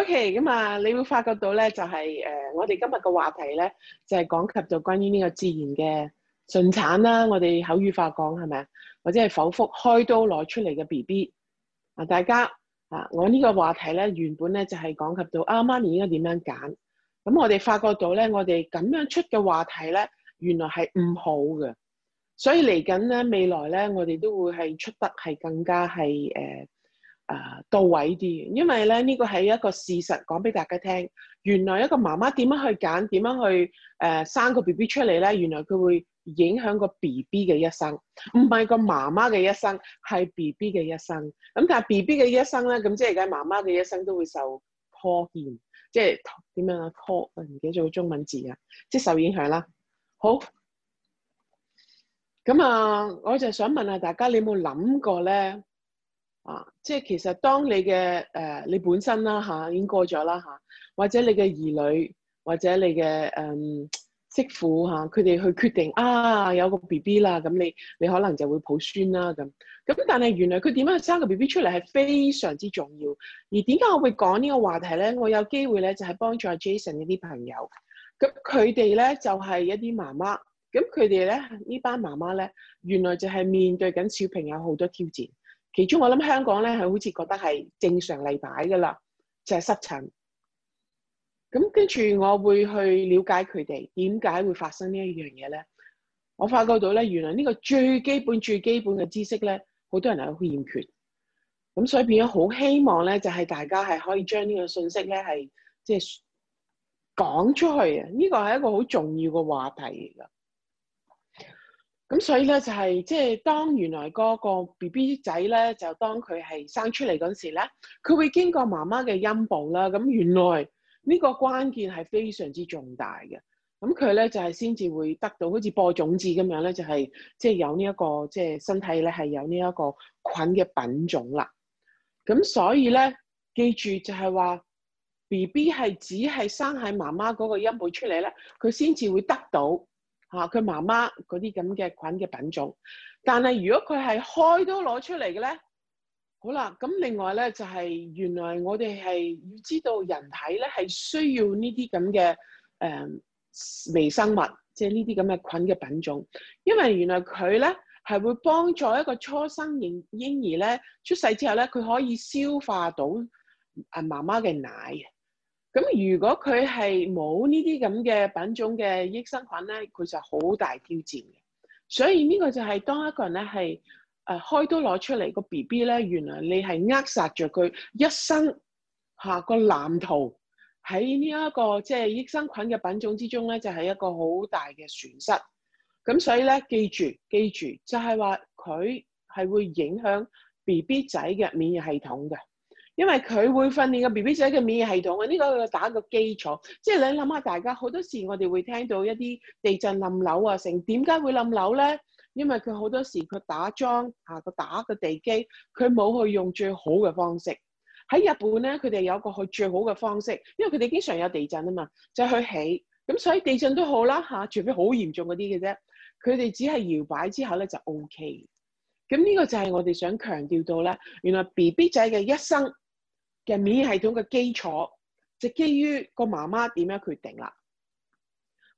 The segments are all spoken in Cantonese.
OK，咁啊，你會發覺到咧、就係呃，就係誒，我哋今日嘅話題咧，就係講及到關於呢個自然嘅順產啦。我哋口語化講係咪啊？或者係剖腹開刀攞出嚟嘅 BB 啊！大家啊，我呢個話題咧，原本咧就係講及到啊媽咪應該點樣揀。咁我哋發覺到咧，我哋咁樣出嘅話題咧，原來係唔好嘅。所以嚟緊咧，未來咧，我哋都會係出得係更加係誒。呃誒、啊，到位啲，因為咧呢個係一個事實，講俾大家聽。原來一個媽媽點樣去揀，點樣去誒、呃、生個 B B 出嚟咧？原來佢會影響個 B B 嘅一生，唔係個媽媽嘅一生，係 B B 嘅一生。咁、嗯、但係 B B 嘅一生咧，咁即係而家媽媽嘅一生都會受破現，即係點樣啊？破唔記得咗個中文字啊，即係受影響啦。好，咁啊，我就想問下大家，你有冇諗過咧？啊，即係其實當你嘅誒、呃，你本身啦吓、啊，已經過咗啦吓，或者你嘅兒女，或者你嘅誒、嗯，媳婦吓，佢、啊、哋去決定啊，有個 B B 啦，咁你你可能就會抱孫啦咁。咁但係原來佢點樣去生個 B B 出嚟係非常之重要。而點解我會講呢個話題咧？我有機會咧就係、是、幫助 Jason 一啲朋友。咁佢哋咧就係、是、一啲媽媽。咁佢哋咧呢班媽媽咧，原來就係面對緊小朋友好多挑戰。其中我諗香港咧係好似覺得係正常例擺噶啦，就係濕疹。咁跟住我會去了解佢哋點解會發生這件事呢一樣嘢咧。我發覺到咧，原來呢個最基本最基本嘅知識咧，好多人係好欠缺。咁所以變咗好希望咧，就係、是、大家係可以將呢個信息咧係即係講出去啊！呢、這個係一個好重要嘅話題嚟㗎。咁所以咧就係即係當原來嗰個 B B 仔咧，就當佢係生出嚟嗰時咧，佢會經過媽媽嘅陰部啦。咁原來呢個關鍵係非常之重大嘅。咁佢咧就係先至會得到好似播種子咁樣咧，就係即係有呢一個即係身體咧係有呢一個菌嘅品種啦。咁所以咧記住就係話 B B 係只係生喺媽媽嗰個陰部出嚟咧，佢先至會得到。嚇佢媽媽嗰啲咁嘅菌嘅品種，但係如果佢係開刀攞出嚟嘅咧，好啦，咁另外咧就係原來我哋係要知道人體咧係需要呢啲咁嘅誒微生物，即係呢啲咁嘅菌嘅品種，因為原來佢咧係會幫助一個初生嬰嬰兒咧出世之後咧，佢可以消化到啊媽媽嘅奶。咁如果佢係冇呢啲咁嘅品種嘅益生菌咧，佢就好大挑戰嘅。所以呢個就係當一個人咧係誒開刀攞出嚟個 B B 咧，原來你係扼殺咗佢一生下個藍圖喺呢一個即係益生菌嘅品種之中咧，就係一個好大嘅損失。咁所以咧，記住記住，就係話佢係會影響 B B 仔嘅免疫系統嘅。因為佢會訓練個 B B 仔嘅免疫系統，呢個打個基礎。即係你諗下，大家好多時我哋會聽到一啲地震冧樓啊，成點解會冧樓咧？因為佢好多時佢打樁吓，佢打個地基，佢冇去用最好嘅方式。喺日本咧，佢哋有一個去最好嘅方式，因為佢哋經常有地震啊嘛，就去起。咁所以地震都好啦吓，啊，除非好嚴重嗰啲嘅啫。佢哋只係搖擺之後咧就 OK。咁呢個就係我哋想強調到咧，原來 B B 仔嘅一生人免疫系統嘅基礎就基於個媽媽點樣決定啦。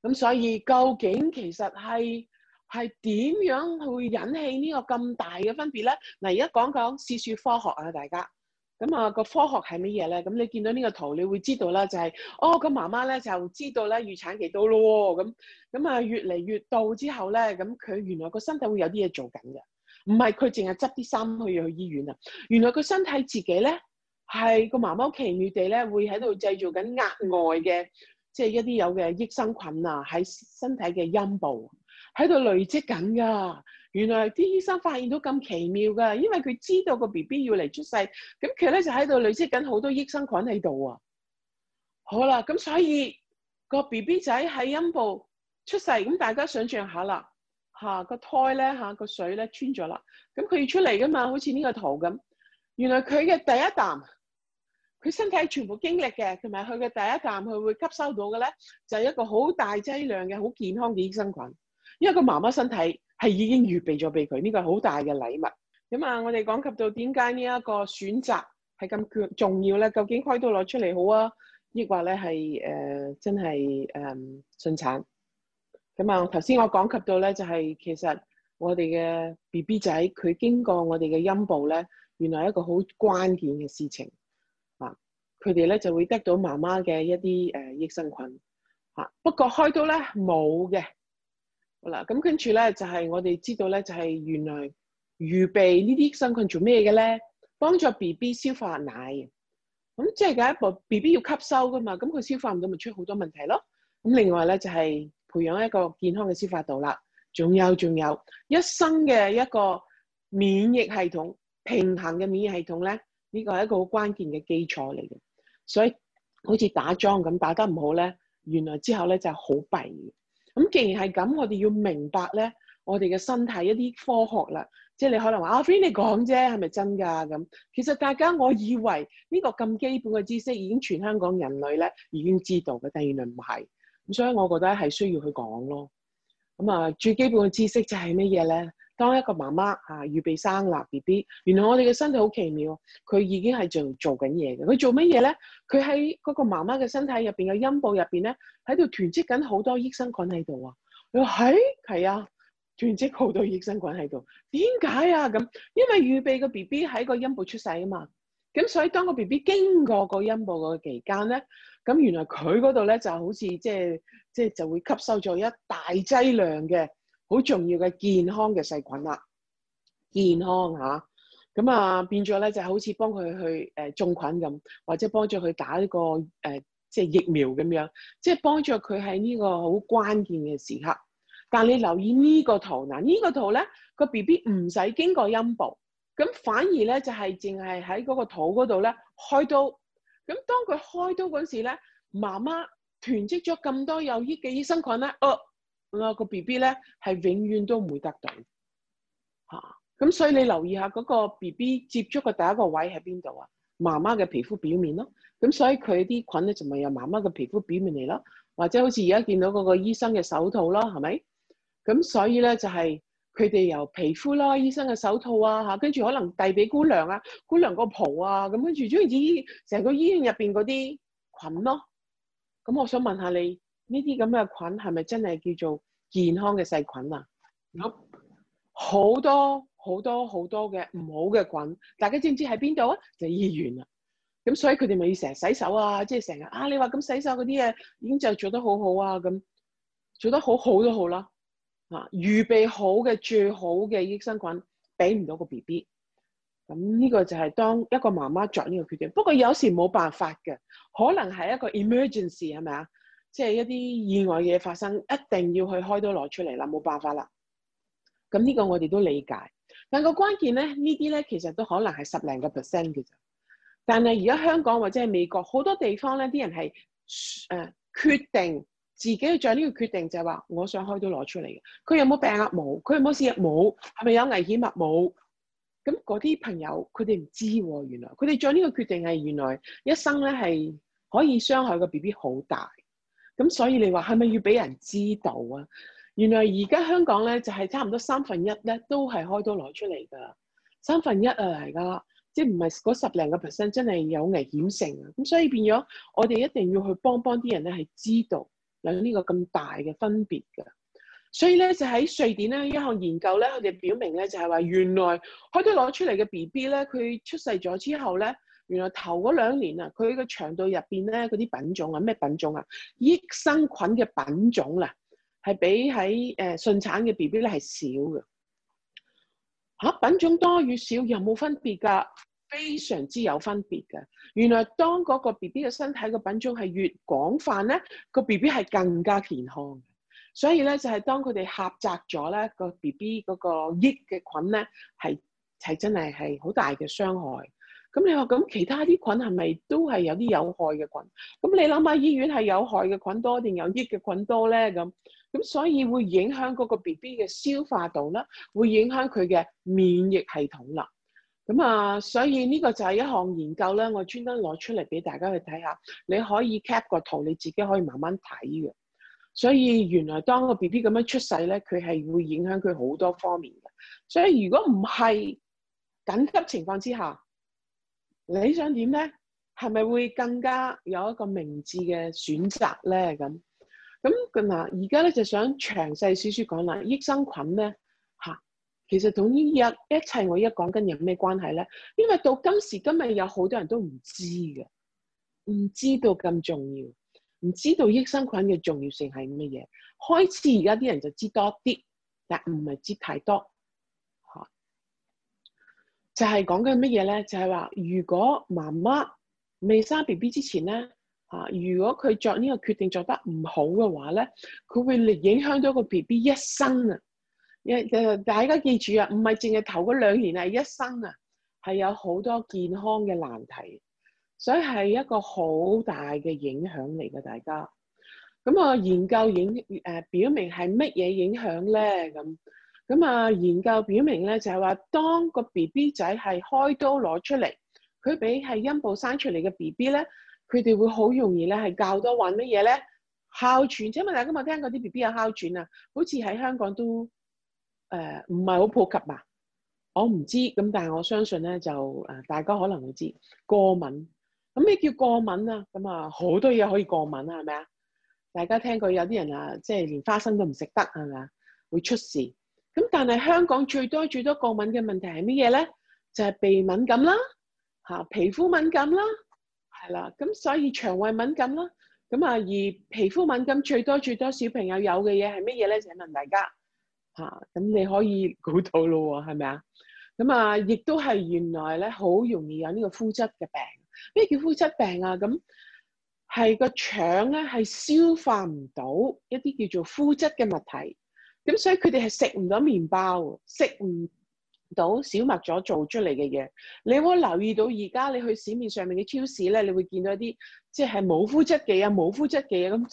咁所以究竟其實係係點樣去引起呢個咁大嘅分別咧？嗱，而家講講試試科學啊，大家。咁啊，個科學係乜嘢咧？咁你見到呢個圖，你會知道啦、就是，就係哦，個媽媽咧就知道咧預產期到咯喎。咁咁啊，越嚟越到之後咧，咁佢原來個身體會有啲嘢做緊嘅，唔係佢淨係執啲衫去去醫院啊。原來佢身體自己咧～係個媽媽奇妙地咧，會喺度製造緊額外嘅，即係一啲有嘅益生菌啊，喺身體嘅陰部喺度累積緊㗎。原來啲醫生發現到咁奇妙㗎，因為佢知道個 B B 要嚟出世，咁佢咧就喺度累積緊好多益生菌喺度啊。好啦，咁所以，個 B B 仔喺陰部出世，咁大家想象下啦，嚇、啊、個胎咧嚇個水咧穿咗啦，咁佢要出嚟㗎嘛，好似呢個圖咁。原來佢嘅第一啖。佢身體全部經歷嘅，同埋佢嘅第一啖，佢會吸收到嘅咧，就係、是、一個好大劑量嘅好健康嘅益生菌。因為個媽媽身體係已經預備咗俾佢，呢個係好大嘅禮物。咁啊，我哋講及到點解呢一個選擇係咁重要咧？究竟開刀攞出嚟好啊，抑或咧係誒真係誒、呃、順產？咁啊，頭先我講及到咧，就係、是、其實我哋嘅 B B 仔佢經過我哋嘅陰部咧，原來係一個好關鍵嘅事情。佢哋咧就會得到媽媽嘅一啲誒益生菌嚇，不過開刀咧冇嘅。好啦，咁跟住咧就係我哋知道咧，就係原來預備呢啲益生菌做咩嘅咧？幫助 B B 消化奶，咁即係一個 B B 要吸收噶嘛，咁佢消化唔到咪出好多問題咯。咁另外咧就係培養一個健康嘅消化道啦。仲有仲有一生嘅一個免疫系統平衡嘅免疫系統咧，呢個係一個好關鍵嘅基礎嚟嘅。所以好似打樁咁打得唔好咧，原來之後咧就係好弊嘅。咁既然係咁，我哋要明白咧，我哋嘅身體一啲科學啦，即係你可能話阿菲你講啫，係咪真噶咁？其實大家我以為呢個咁基本嘅知識已經全香港人類咧已經知道嘅，但原來唔係，咁所以我覺得係需要去講咯。咁啊，最基本嘅知識就係乜嘢咧？當一個媽媽嚇、啊、預備生喇 B B，原來我哋嘅身體好奇妙，佢已經係做做緊嘢嘅。佢做乜嘢咧？佢喺嗰個媽媽嘅身體入邊嘅陰部入邊咧，喺度囤積緊好多益生菌喺度啊！佢話係係啊，囤積好多益生菌喺度，點解啊？咁因為預備寶寶個 B B 喺個陰部出世啊嘛。咁所以當個 B B 經過個陰部個期間咧，咁原來佢嗰度咧就好似即係即係就會吸收咗一大劑量嘅好重要嘅健康嘅細菌啦，健康吓。咁啊變咗咧就好似幫佢去誒、呃、種菌咁，或者幫咗佢打呢個誒即係疫苗咁樣，即、就、係、是、幫助佢喺呢個好關鍵嘅時刻。但係你留意呢個圖，嗱呢、呢個圖咧，個 B B 唔使經過陰部。咁反而咧就係淨係喺嗰個肚嗰度咧，開刀。咁當佢開刀嗰時咧，媽媽囤積咗咁多有益嘅醫生菌咧，哦，嗰個 B B 咧係永遠都唔會得到。吓、啊，咁所以你留意下嗰、嗰個 B B 接觸嘅第一個位喺邊度啊？媽媽嘅皮膚表面咯。咁所以佢啲菌咧就咪由媽媽嘅皮膚表面嚟咯，或者好似而家見到嗰個醫生嘅手套啦，係咪？咁所以咧就係、是。佢哋由皮膚啦，醫生嘅手套啊，嚇，跟住可能遞俾姑娘啊，姑娘個袍啊，咁跟住，總之成個醫院入邊嗰啲菌咯。咁我想問下你，呢啲咁嘅菌係咪真係叫做健康嘅細菌啊？嗯，有好多好多好多嘅唔好嘅菌，大家知唔知喺邊度啊？就醫院啊。咁所以佢哋咪要成日洗手啊，即係成日啊，你話咁洗手嗰啲嘢已經就做得好好啊，咁做得好好都好啦。啊！預備好嘅最好嘅益生菌，俾唔到個 BB，咁呢個就係當一個媽媽作呢個決定。不過有時冇辦法嘅，可能係一個 emergency 係咪啊？即係一啲意外嘅嘢發生，一定要去開刀攞出嚟啦，冇辦法啦。咁呢個我哋都理解，但個關鍵咧，呢啲咧其實都可能係十零個 percent 嘅啫。但係而家香港或者係美國好多地方咧，啲人係誒、呃、決定。自己去做呢個決定，就係話我想開刀攞出嚟嘅。佢有冇病啊？冇。佢有冇事啊？冇。係咪有危險物冇？咁嗰啲朋友佢哋唔知喎、啊。原來佢哋做呢個決定係原來一生咧係可以傷害個 B B 好大。咁所以你話係咪要俾人知道啊？原來而家香港咧就係、係、差唔多三分一咧都係開刀攞出嚟㗎，三分一啊，而家即係唔係嗰十零個 percent 真係有危險性啊。咁所以變咗我哋一定要去幫幫啲人咧係知道。有呢個咁大嘅分別㗎，所以咧就喺瑞典咧，一項研究咧，佢哋表明咧就係、是、話，原來佢都攞出嚟嘅 B B 咧，佢出世咗之後咧，原來頭嗰兩年啊，佢個腸道入邊咧嗰啲品種啊，咩品種啊，益生菌嘅品種啦，係比喺誒順產嘅 B B 咧係少嘅。嚇、啊，品種多與少又沒有冇分別㗎？非常之有分別嘅，原來當嗰個 B B 嘅身體嘅品種係越廣泛咧，個 B B 係更加健康。所以咧就係、是、當佢哋狹窄咗咧，個 B B 嗰個益嘅菌咧係係真係係好大嘅傷害。咁你話咁其他啲菌係咪都係有啲有害嘅菌？咁你諗下醫院係有害嘅菌多定有益嘅菌多咧？咁咁所以會影響嗰個 B B 嘅消化道啦，會影響佢嘅免疫系統啦。咁啊，所以呢個就係一項研究咧，我專登攞出嚟俾大家去睇下。你可以 cap 個圖，你自己可以慢慢睇嘅。所以原來當個 BB 咁樣出世咧，佢係會影響佢好多方面嘅。所以如果唔係緊急情況之下，你想點咧？係咪會更加有一個明智嘅選擇咧？咁咁嗱，而家咧就想詳細少少講啦，益生菌咧。其實同呢一一切，我一講緊有咩關係咧？因為到今時今日有好多人都唔知嘅，唔知道咁重要，唔知道益生菌嘅重要性係乜嘢。開始而家啲人就知多啲，但唔係知太多。嚇、啊，就係講緊乜嘢咧？就係、是、話，如果媽媽未生 B B 之前咧嚇、啊，如果佢作呢個決定作得唔好嘅話咧，佢會影響到個 B B 一生啊！一大家記住啊，唔係淨係頭嗰兩年啊，一生啊係有好多健康嘅難題，所以係一個好大嘅影響嚟嘅。大家咁啊，研究影誒、呃、表明係乜嘢影響咧？咁咁啊，研究表明咧就係、是、話，當個 B B 仔係開刀攞出嚟，佢比係陰部生出嚟嘅 B B 咧，佢哋會好容易咧係較多患乜嘢咧，哮喘？請問大家有冇聽過啲 B B 有哮喘啊？好似喺香港都～誒唔係好普及啊，我唔知咁，但係我相信咧就誒大家可能會知過敏。咁咩叫過敏啊？咁啊好多嘢可以過敏啊，係咪啊？大家聽過有啲人啊，即係連花生都唔食得係咪啊？會出事。咁但係香港最多最多過敏嘅問題係乜嘢咧？就係鼻敏感啦，嚇皮膚敏感啦，係啦。咁所以腸胃敏感啦。咁啊而皮膚敏感最多最多小朋友有嘅嘢係乜嘢咧？請問大家。嚇、啊，咁你可以估到咯喎，係咪啊？咁啊，亦都係原來咧，好容易有呢個麩質嘅病。咩叫麩質病啊？咁係個腸咧係消化唔到一啲叫做麩質嘅物體，咁所以佢哋係食唔到麵包，食唔到小麥咗做出嚟嘅嘢。你有冇留意到而家你去市面上面嘅超市咧，你會見到一啲即係冇麩質嘅啊，冇麩質嘅，咁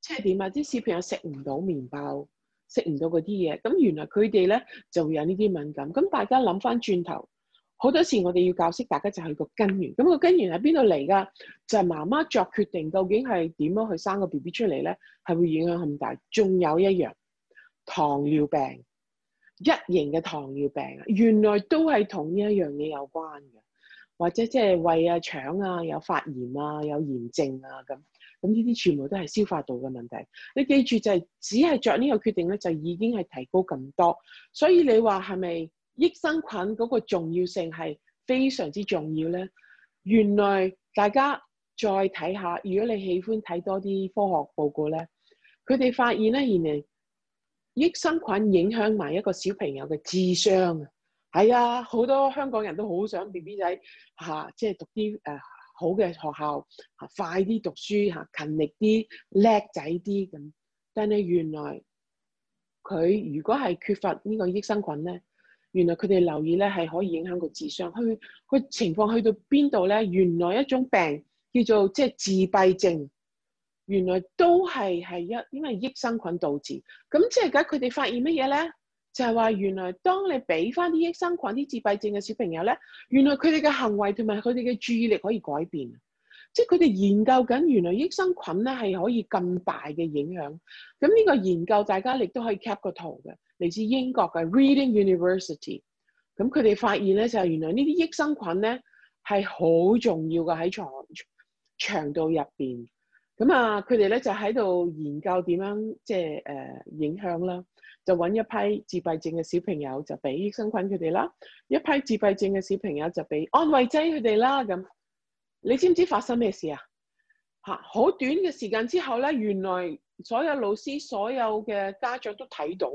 即係點啊？啲小朋友食唔到麵包。識唔到嗰啲嘢，咁原來佢哋咧就會有呢啲敏感。咁大家諗翻轉頭，好多時我哋要教識大家就係個根源。咁個根源喺邊度嚟㗎？就係媽媽作決定，究竟係點樣去生個 BB 出嚟咧，係會影響咁大。仲有一樣，糖尿病，一型嘅糖尿病，原來都係同呢一樣嘢有關嘅，或者即係胃啊、腸啊有發炎啊、有炎症啊咁。咁呢啲全部都係消化道嘅問題。你記住就係、是、只係著呢個決定咧，就已經係提高咁多。所以你話係咪益生菌嗰個重要性係非常之重要咧？原來大家再睇下，如果你喜歡睇多啲科學報告咧，佢哋發現咧，原來益生菌影響埋一個小朋友嘅智商。係啊，好多香港人都好想 B B 仔嚇，即係、啊就是、讀啲誒。好嘅學校，嚇、啊、快啲讀書嚇、啊，勤力啲，叻仔啲咁。但係原來佢如果係缺乏呢個益生菌咧，原來佢哋留意咧，係可以影響個智商。去個情況去到邊度咧？原來一種病叫做即係、就是、自閉症，原來都係係一因為益生菌導致。咁即係而家佢哋發現乜嘢咧？就係話，原來當你俾翻啲益生菌啲自閉症嘅小朋友咧，原來佢哋嘅行為同埋佢哋嘅注意力可以改變。即係佢哋研究緊，原來益生菌咧係可以咁大嘅影響。咁呢個研究大家亦都可以 cap 個圖嘅，嚟自英國嘅 Reading University。咁佢哋發現咧就係原來呢啲益生菌咧係好重要嘅喺腸腸道入邊。咁啊，佢哋咧就喺度研究點樣即係誒、呃、影響啦。就揾一批自閉症嘅小朋友，就俾益生菌佢哋啦；一批自閉症嘅小朋友就俾安慰劑佢哋啦。咁你知唔知發生咩事啊？嚇！好短嘅時間之後咧，原來所有老師、所有嘅家長都睇到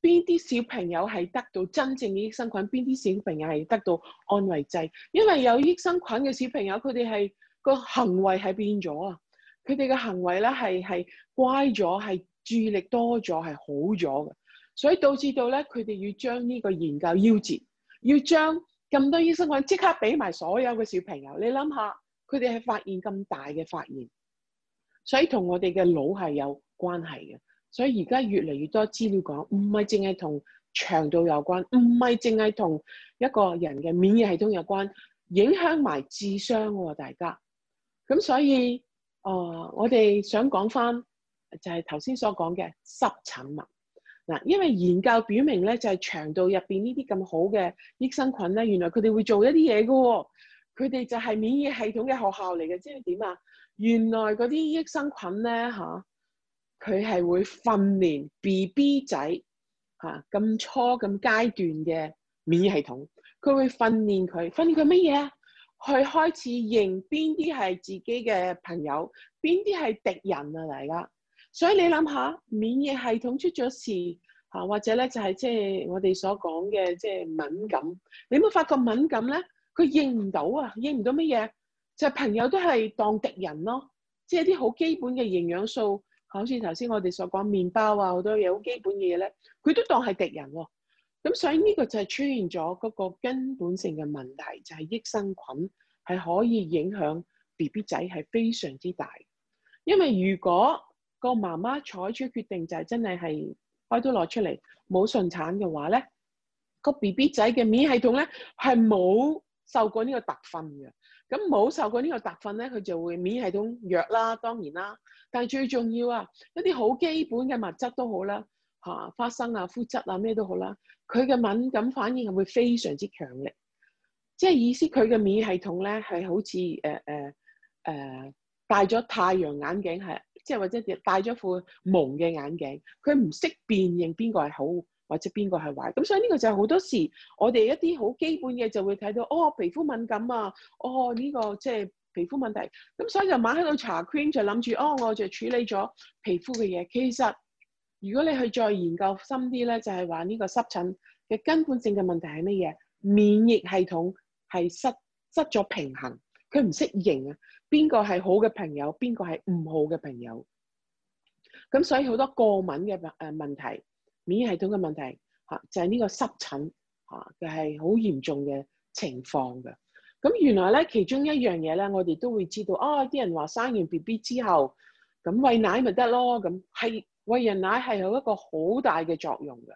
邊啲小朋友係得到真正嘅益生菌，邊啲小朋友係得到安慰劑。因為有益生菌嘅小朋友，佢哋係個行為係變咗啊！佢哋嘅行為咧係係乖咗，係注意力多咗，係好咗嘅。所以導致到咧，佢哋要將呢個研究夭折，要將咁多醫生菌即刻俾埋所有嘅小朋友。你諗下，佢哋係發現咁大嘅發現，所以同我哋嘅腦係有關係嘅。所以而家越嚟越多資料講，唔係淨係同腸道有關，唔係淨係同一個人嘅免疫系統有關，影響埋智商喎大家。咁所以，誒、呃，我哋想講翻就係頭先所講嘅濕疹物。嗱，因為研究表明咧，就係、是、腸道入邊呢啲咁好嘅益生菌咧，原來佢哋會做一啲嘢㗎喎，佢哋就係免疫系統嘅學校嚟嘅，即係點啊？原來嗰啲益生菌咧嚇，佢、啊、係會訓練 B B 仔嚇咁、啊、初咁階段嘅免疫系統，佢會訓練佢，訓練佢乜嘢啊？去開始認邊啲係自己嘅朋友，邊啲係敵人啊！大家。所以你諗下，免疫系統出咗事，吓、啊、或者咧就係即係我哋所講嘅即係敏感。你有冇發覺敏感咧？佢認唔到啊，認唔到乜嘢？就係、是、朋友都係當敵人咯。即係啲好基本嘅營養素，好似頭先我哋所講麵包啊好多嘢，好基本嘢咧，佢都當係敵人。咁所以呢個就係出現咗嗰個根本性嘅問題，就係、是、益生菌係可以影響 BB 仔係非常之大。因為如果個媽媽採取決定就係真係係開刀攞出嚟，冇順產嘅話咧，個 B B 仔嘅免疫系統咧係冇受過呢個特訓嘅，咁冇受過呢個特訓咧，佢就會免疫系統弱啦，當然啦。但係最重要啊，一啲好基本嘅物質都好啦，吓、啊、花生啊、麩質啊咩都好啦，佢嘅敏感反應係會非常之強烈，即係意思佢嘅免疫系統咧係好似誒誒誒戴咗太陽眼鏡係。即係或者戴咗副矇嘅眼鏡，佢唔識辨認邊個係好或者邊個係壞，咁所以呢個就好多時我哋一啲好基本嘅就會睇到哦皮膚敏感啊，哦呢個即係皮膚問題，咁所以就買喺度搽 cream 就諗住哦我就處理咗皮膚嘅嘢。其實如果你去再研究深啲咧，就係話呢個濕疹嘅根本性嘅問題係乜嘢？免疫系統係失失咗平衡。佢唔識認啊，邊個係好嘅朋友，邊個係唔好嘅朋友。咁所以好多過敏嘅誒問題，免疫系統嘅問題嚇，就係、是、呢個濕疹嚇，就係好嚴重嘅情況嘅。咁原來咧，其中一樣嘢咧，我哋都會知道啊，啲、哦、人話生完 B B 之後咁餵奶咪得咯，咁係餵人奶係有一個好大嘅作用嘅。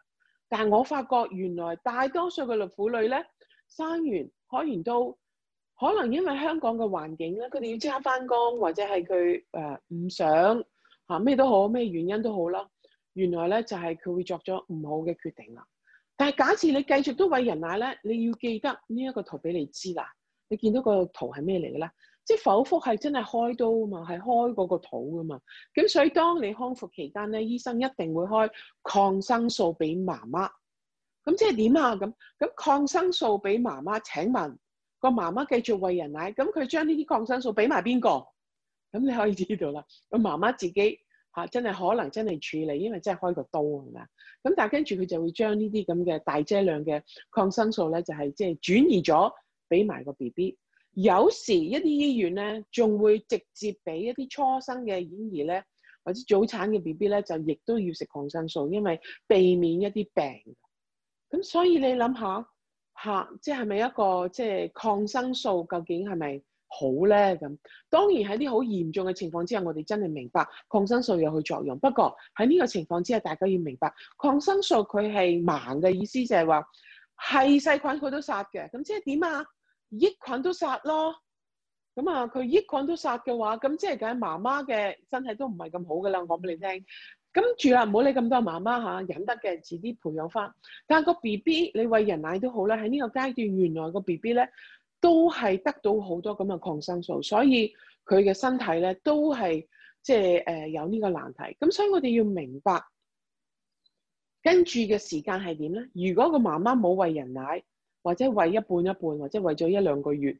但係我發覺原來大多數嘅婦女咧，生完可能都～可能因為香港嘅環境咧，佢哋要即刻返工，或者係佢誒唔想嚇咩、啊、都好，咩原因都好啦。原來咧就係、是、佢會作咗唔好嘅決定啦。但係假設你繼續都餵人奶咧，你要記得呢一個圖俾你知啦。你見到個圖係咩嚟嘅咧？即係剖腹係真係開刀啊嘛，係開嗰個肚㗎嘛。咁所以當你康復期間咧，醫生一定會開抗生素俾媽媽。咁即係點啊？咁咁抗生素俾媽媽？請問？個媽媽繼續餵人奶，咁佢將呢啲抗生素俾埋邊個？咁你可以知道啦。咁媽媽自己嚇、啊、真係可能真係處理，因為真係開個刀係嘛。咁但係跟住佢就會將呢啲咁嘅大劑量嘅抗生素咧，就係即係轉移咗俾埋個 B B。有時一啲醫院咧，仲會直接俾一啲初生嘅嬰兒咧，或者早產嘅 B B 咧，就亦都要食抗生素，因為避免一啲病。咁所以你諗下。嚇！即係咪一個即係抗生素？究竟係咪好咧？咁當然喺啲好嚴重嘅情況之下，我哋真係明白抗生素有佢作用。不過喺呢個情況之下，大家要明白抗生素佢係盲嘅意思就係，就係話係細菌佢都殺嘅。咁即係點啊？益菌都殺咯。咁啊，佢益菌都殺嘅話，咁即係梗係，媽媽嘅身體都唔係咁好噶啦。講俾你聽。跟住啦，唔好理咁多媽媽，媽媽吓忍得嘅，自己培養返。但係個 B B 你餵人奶都好啦，喺呢個階段原來個 B B 咧都係得到好多咁嘅抗生素，所以佢嘅身體咧都係即係誒有呢個難題。咁所以我哋要明白跟住嘅時間係點咧？如果個媽媽冇餵人奶，或者餵一半一半，或者餵咗一兩個月。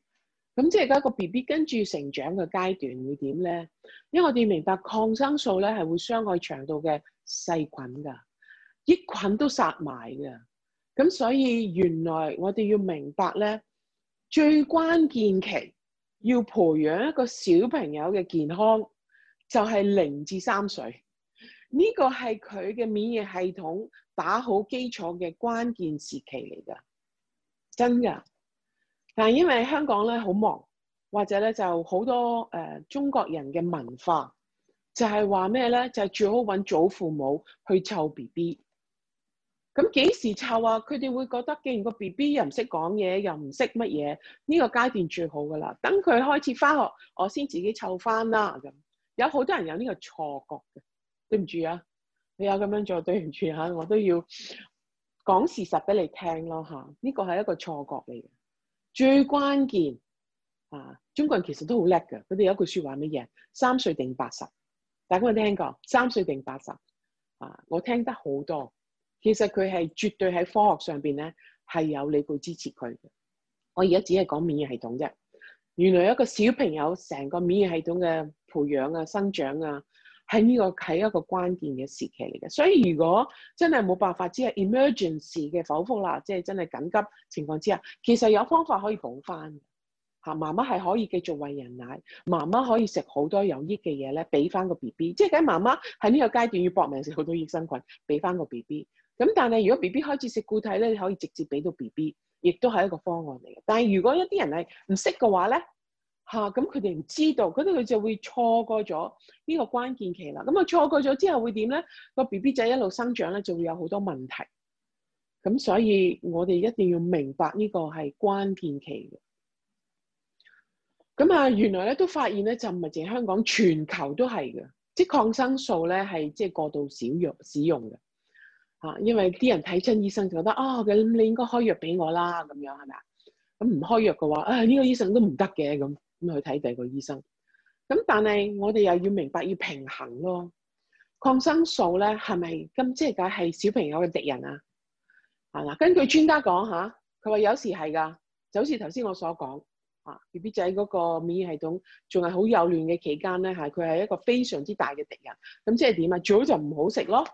咁即係嗰個 B B 跟住成長嘅階段會點咧？因為我哋明白抗生素咧，係會傷害腸道嘅細菌噶益菌都殺埋噶咁所以原來我哋要明白咧，最關鍵期要培養一個小朋友嘅健康就，就係零至三歲。呢個係佢嘅免疫系統打好基礎嘅關鍵時期嚟噶，真噶但，因為香港咧好忙，或者咧就好多誒、呃、中國人嘅文化，就係話咩咧？就係、是、最好揾祖父母去湊 B B。咁幾時湊啊？佢哋會覺得，既然個 B B 又唔識講嘢，又唔識乜嘢，呢、這個階段最好㗎喇。等佢開始返學，我先自己湊返啦。咁有好多人有呢個錯覺嘅，對唔住啊！你有咁樣做，對唔住吓，我都要講事實俾你聽咯吓。呢個係一個錯覺嚟嘅。最關鍵啊！中國人其實都好叻嘅，佢哋有一句說話乜嘢？三歲定八十，大家有冇聽過？三歲定八十啊！我聽得好多，其實佢係絕對喺科學上邊咧係有理論支持佢。我而家只係講免疫系統啫。原來一個小朋友成個免疫系統嘅培養啊、生長啊。喺呢個係一個關鍵嘅時期嚟嘅，所以如果真係冇辦法，只係 emergency 嘅剖腹啦，即係真係緊急情況之下，其實有方法可以補翻吓。媽媽係可以繼續餵人奶，媽媽可以食好多有益嘅嘢咧，俾翻個 BB。即係喺媽媽喺呢個階段要搏命食好多益生菌，俾翻個 BB。咁但係如果 BB 開始食固體咧，你可以直接俾到 BB，亦都係一個方案嚟嘅。但係如果一啲人係唔識嘅話咧，嚇、啊！咁佢哋唔知道，嗰啲佢就會錯過咗呢個關鍵期啦。咁、嗯、啊，錯過咗之後會點咧？個 B B 仔一路生長咧，就會有好多問題。咁所以我哋一定要明白呢個係關鍵期嘅。咁啊，原來咧都發現咧，就唔係淨香港，全球都係嘅。即係抗生素咧係即過度少用使用嘅嚇、啊，因為啲人睇親醫生就覺得啊，咁你應該開藥俾我啦，咁樣係咪啊？咁唔開藥嘅話，啊呢、呢個醫生都唔得嘅咁。咁去睇第二個醫生，咁但係我哋又要明白要平衡咯。抗生素咧係咪咁即係解係小朋友嘅敵人啊？係、啊、啦，根據專家講吓，佢、啊、話有時係噶，就好似頭先我所講啊，B B 仔嗰個免疫系統仲係好幼嫩嘅期間咧，吓佢係一個非常之大嘅敵人。咁即係點啊？最好就唔好食咯。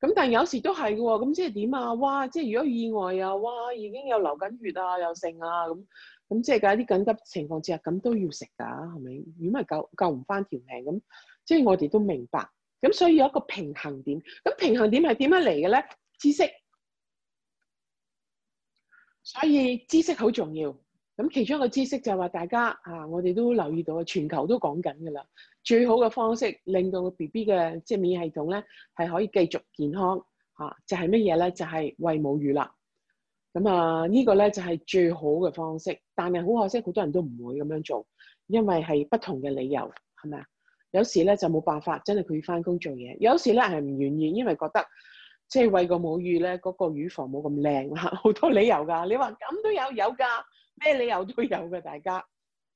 咁但係有時都係嘅，咁即係點啊？哇！即係如果意外啊，哇，已經有流緊血啊，又剩啊咁。嗯咁即係喺啲緊急情況之下，咁都要食㗎，係咪？如果唔係救救唔翻條命，咁即係我哋都明白。咁所以有一個平衡點。咁平衡點係點樣嚟嘅咧？知識，所以知識好重要。咁其中一個知識就係話大家嚇、啊，我哋都留意到，全球都講緊㗎啦。最好嘅方式令到個 B B 嘅即免疫系統咧係可以繼續健康嚇、啊，就係乜嘢咧？就係、是、餵母乳啦。咁、嗯、啊、呢、這個咧就係最好嘅方式，但係好可惜，好多人都唔會咁樣做，因為係不同嘅理由，係咪啊？有時咧就冇辦法，真係佢要返工做嘢；有時咧係唔願意，因為覺得即係、就是、為母呢、那個母乳咧嗰個乳房冇咁靚啦，好多理由㗎。你話咁都有有㗎，咩理由都有㗎，大家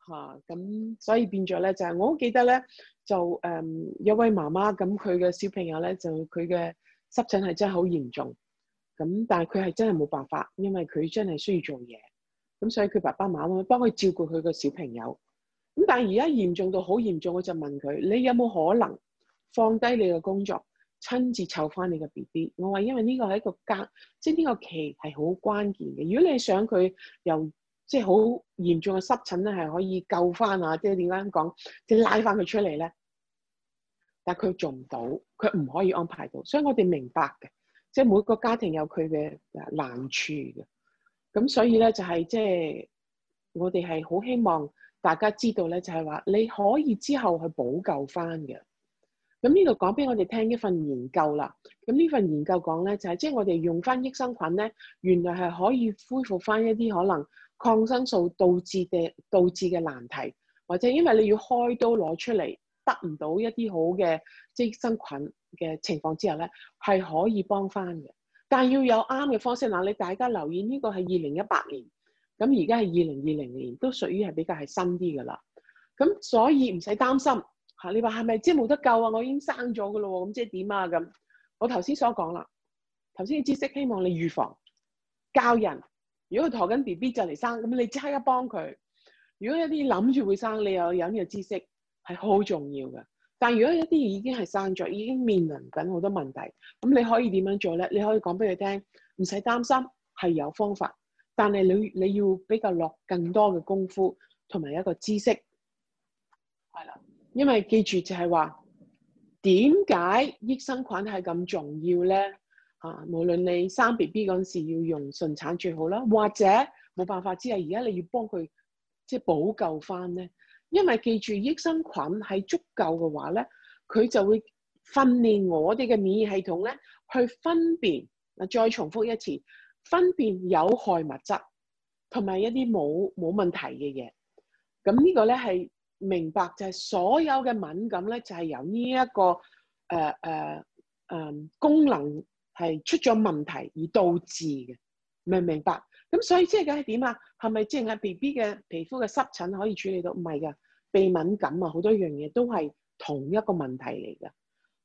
嚇咁、啊，所以變咗咧就係、是，我好記得咧就誒一、嗯、位媽媽咁，佢嘅小朋友咧就佢嘅濕疹係真係好嚴重。咁但係佢係真係冇辦法，因為佢真係需要做嘢，咁所以佢爸爸媽媽幫佢照顧佢個小朋友。咁但係而家嚴重到好嚴重，我就問佢：你有冇可能放低你嘅工作，親自湊翻你嘅 BB？我話因為呢個係一個隔，即係呢個期係好關鍵嘅。如果你想佢由即係好嚴重嘅濕疹咧，係可以救翻啊！即係點解咁講？即係拉翻佢出嚟咧。但係佢做唔到，佢唔可以安排到，所以我哋明白嘅。即係每個家庭有佢嘅難處嘅，咁所以咧就係即係我哋係好希望大家知道咧，就係話你可以之後去補救翻嘅。咁呢度講俾我哋聽一份研究啦。咁呢份研究講咧就係即係我哋用翻益生菌咧，原來係可以恢復翻一啲可能抗生素導致嘅導致嘅難題，或者因為你要開刀攞出嚟得唔到一啲好嘅即益生菌，嘅情況之後咧，係可以幫翻嘅，但係要有啱嘅方式。嗱，你大家留意呢個係二零一八年，咁而家係二零二零年，都屬於係比較係新啲嘅啦。咁所以唔使擔心嚇。你話係咪即係冇得救啊？我已經生咗嘅咯喎，咁即係點啊？咁我頭先所講啦，頭先嘅知識希望你預防教人。如果佢陀緊 B B 就嚟生，咁你即刻幫佢。如果有啲諗住會生，你又有呢個知識係好重要嘅。但係如果有啲已經係生咗，已經面臨緊好多問題，咁你可以點樣做咧？你可以講俾佢聽，唔使擔心，係有方法，但係你你要比較落更多嘅功夫同埋一個知識，係啦。因為記住就係話點解益生菌係咁重要咧？嚇、啊，無論你生 B B 嗰陣時要用順產最好啦，或者冇辦法之係而家你要幫佢即係補救翻咧。因為記住益生菌係足夠嘅話咧，佢就會訓練我哋嘅免疫系統咧，去分辨，嗱，再重複一次，分辨有害物質同埋一啲冇冇問題嘅嘢。咁呢個咧係明白就係、是、所有嘅敏感咧就係由呢、這、一個誒誒誒功能係出咗問題而導致嘅，明唔明白？咁所以即係梗係點啊？係咪即係淨係 B B 嘅皮膚嘅濕疹可以處理到？唔係噶。鼻敏感啊，好多樣嘢都係同一個問題嚟嘅。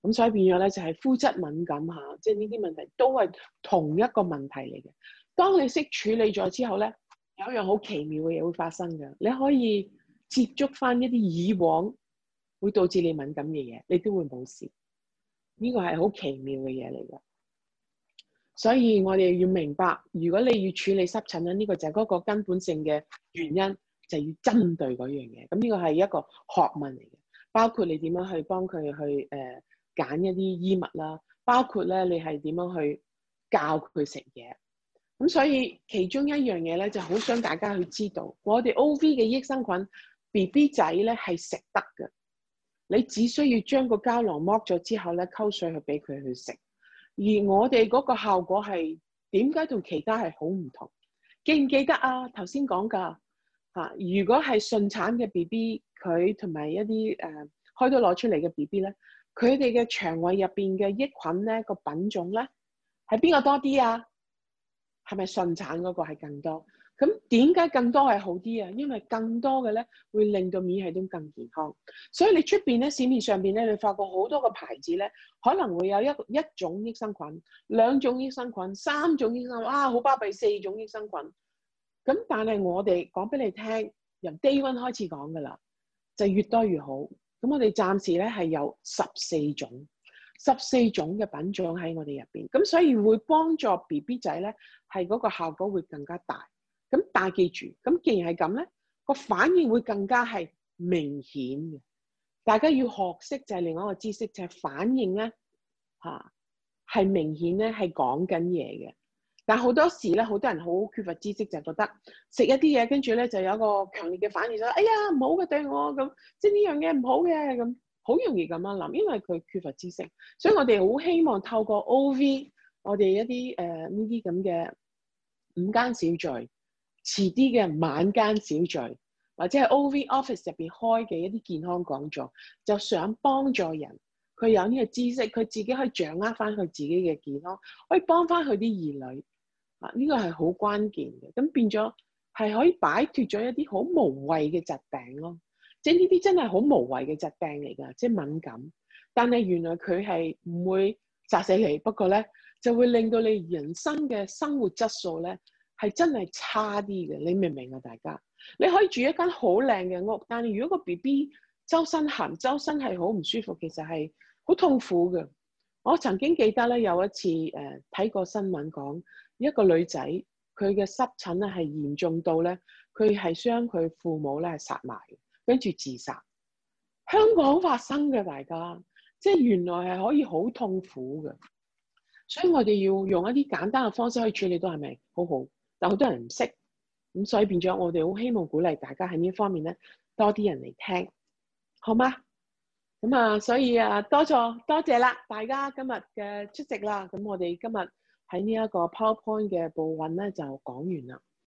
咁所以變咗咧就係膚質敏感吓，即係呢啲問題都係同一個問題嚟嘅。當你識處理咗之後咧，有一樣好奇妙嘅嘢會發生嘅，你可以接觸翻一啲以往會導致你敏感嘅嘢，你都會冇事。呢個係好奇妙嘅嘢嚟嘅。所以我哋要明白，如果你要處理濕疹咧，呢個就係嗰個根本性嘅原因。就是、要針對嗰樣嘢，咁呢個係一個學問嚟嘅，包括你點樣去幫佢去誒揀、呃、一啲衣物啦，包括咧你係點樣去教佢食嘢，咁所以其中一樣嘢咧就好想大家去知道，我哋 O V 嘅益生菌 B B 仔咧係食得嘅，你只需要將個膠囊剝咗之後咧，溝水給他去俾佢去食，而我哋嗰個效果係點解同其他係好唔同？記唔記得啊？頭先講噶。嚇、啊！如果係順產嘅 B B，佢同埋一啲誒、呃、開刀攞出嚟嘅 B B 咧，佢哋嘅腸胃入邊嘅益菌咧個品種咧，係邊個多啲啊？係咪順產嗰個係更多？咁點解更多係好啲啊？因為更多嘅咧會令個免疫系統更健康。所以你出邊咧市面上邊咧，你發覺好多個牌子咧，可能會有一一種益生菌、兩種益生菌、三種益生菌，哇、啊！好巴閉，四種益生菌。咁但係我哋講俾你聽，由 Day One 開始講噶啦，就越多越好。咁我哋暫時咧係有十四種，十四種嘅品種喺我哋入邊。咁所以會幫助 BB 仔咧，係嗰個效果會更加大。咁但係記住，咁既然係咁咧，個反應會更加係明顯嘅。大家要學識就係另外一個知識，就係、是、反應咧，吓、啊、係明顯咧，係講緊嘢嘅。但好多時咧，好多人好缺乏知識，就覺得食一啲嘢，跟住咧就有一個強烈嘅反應就話：哎呀唔好嘅對我咁，即係呢樣嘢唔好嘅咁，好容易咁樣諗，因為佢缺乏知識。所以我哋好希望透過 O.V. 我哋一啲誒呢啲咁嘅午間小聚，遲啲嘅晚間小聚，或者係 O.V. office 入邊開嘅一啲健康講座，就想幫助人佢有呢個知識，佢自己可以掌握翻佢自己嘅健康，可以幫翻佢啲兒女。啊！呢個係好關鍵嘅，咁變咗係可以擺脫咗一啲好無謂嘅疾病咯。即係呢啲真係好無謂嘅疾病嚟噶，即係敏感。但係原來佢係唔會殺死你，不過咧就會令到你人生嘅生活質素咧係真係差啲嘅。你明唔明啊？大家你可以住一間好靚嘅屋，但係如果個 BB 周身痕、周身係好唔舒服，其實係好痛苦嘅。我曾經記得咧有一次誒睇過新聞講。一個女仔，佢嘅濕疹咧係嚴重到咧，佢係將佢父母咧殺埋，跟住自殺。香港發生嘅，大家即係原來係可以好痛苦嘅，所以我哋要用一啲簡單嘅方式去處理，都係咪好好？但好多人唔識，咁所以變咗我哋好希望鼓勵大家喺呢方面咧多啲人嚟聽，好嗎？咁啊，所以啊，多咗，多謝啦，大家今日嘅出席啦，咁我哋今日。喺呢一個 PowerPoint 嘅部分咧，就講完啦。